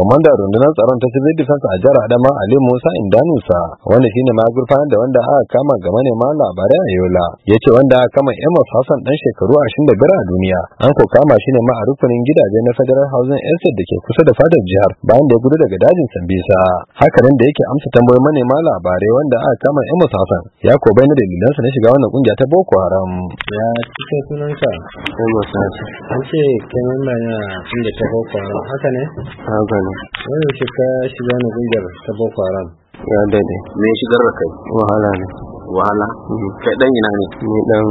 Kwamandan rundunar tsaron ta civil defense a jihar Adama Ali Musa Indanusa wanda shine ma gurfanar da wanda aka kama ga manema labarai a Yola ya ce wanda aka kama emma hasan dan shekaru ashirin da biyar a duniya an ko kama shi ne ma a rukunin gidaje na Federal Housing Estate da ke kusa da fadar jihar bayan da ya gudu daga dajin Sambisa hakanan da yake amsa tambayoyin manema labarai wanda aka kama emma fasan ya ko bayyana dalilansa na shiga wannan kungiya ta Boko Haram ya cike sunanka Amos Hassan an ce kenan na tun da ta Boko Haram haka ne haka ne wani shi ka shiga na zingar ta boko haram ya daidai me shigar da kai wahala ne wahala mm. kai dan ina ne ni dan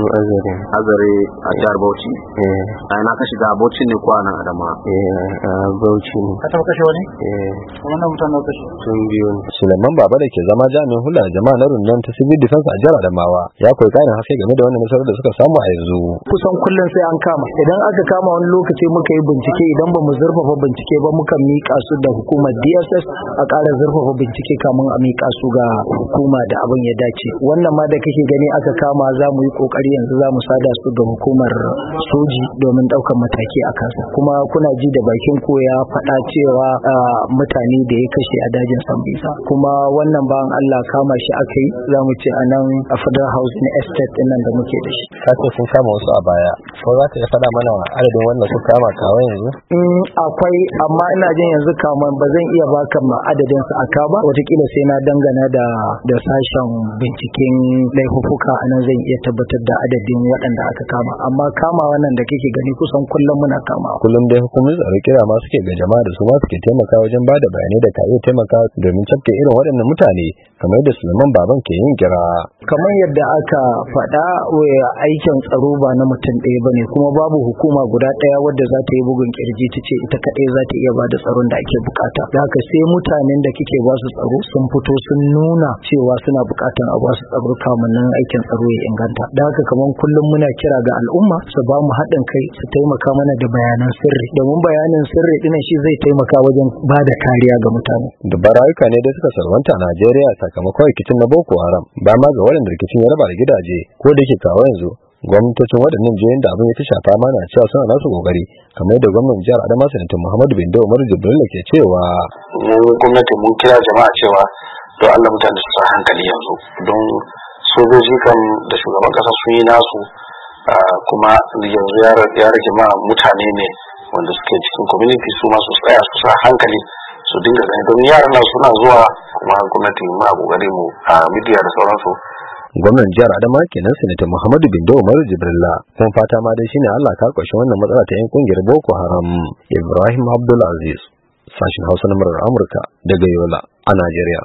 azare azare a jihar bauchi eh ai na ka shiga bauchi ne ko nan adama eh a bauchi ne ka taba kashe wani eh wannan mutan na kashe tun biyu ne mamba ba da ke zama jami'in hulɗar jama'a na rundun ta civil defense a jihar Adamawa ya koyi kayan haske game da wannan nasarar da suka samu a yanzu kusan kullum sai an kama idan aka kama wani lokaci muka yi bincike idan ba mu zurfafa bincike ba muka mika su da hukumar DSS a ƙara zurfafa bincike kamun a mika su ga hukuma da abin ya dace wannan wannan ma da kake gani aka kama za mu yi kokari yanzu za mu sada su ga hukumar soji domin daukar mataki a kansa kuma kuna ji da bakin ko ya faɗa cewa mutane da ya kashe a dajin sambisa kuma wannan bayan allah kama shi aka yi za mu ce a a federal housing estate din nan da muke da shi kace sun kama wasu a baya ko za ka iya faɗa mana adadin wannan su kama kawai yanzu mm, akwai amma ina jin yanzu kama ba zan iya baka ma adadin su aka ba watakila sai na dangana da da sashen binciken laifuffuka a nan zan iya tabbatar da adadin waɗanda aka kama amma kamawa nan da kike gani kusan kullum muna kama kullum dai hukumomin tsaro kira ma suke ga jama'a da su ma suke taimaka wajen ba da bayanai da ka iya taimaka domin cafke irin waɗannan mutane kamar da Suleiman Baban ke yin kira kamar yadda aka faɗa eh, aikin tsaro ba na mutum ɗaya bane kuma babu hukuma guda ɗaya wadda za ta yi bugun kirji ta ce ita kaɗai za ta iya ba da tsaron da ake bukata da haka sai mutanen da kike ba su tsaro sun fito sun nuna cewa suna bukatan a ba su tsaro kamun nan aikin tsaro ya inganta da haka kamar kullum muna kira ga al'umma su ba mu haɗin kai su taimaka mana da bayanan sirri domin bayanan sirri din shi zai taimaka wajen ba da kariya ga mutane dubban rayuka ne da suka sarwanta a Najeriya sakamakon rikicin na Boko Haram ba ma ga waɗanda rikicin ya raba da gidaje ko da yake kawo yanzu gwamnatocin waɗannan jiyoyin da abin ya fi shafa mana cewa suna nasu kokari kamar yadda gwamnan jihar adama sanatan muhammadu bin dawo umaru da ke cewa mu gwamnati mun kira jama'a cewa to allah mutane su sa hankali yanzu don sojoji kan da shugaban kasa sun yi nasu kuma yanzu ya rage ma mutane ne wanda suke cikin community su ma su tsaya su sa hankali su dinga gani don yaran nan suna zuwa kuma gwamnati ma kokari mu a midiya da sauransu gwamnan jihar adama kenan sanata muhammadu bindo umaru jibrilla kun fata ma dai shine allah ka kwashe wannan matsala ta yan kungiyar boko haram ibrahim abdulaziz sashen hausa na murar amurka daga yola a najeriya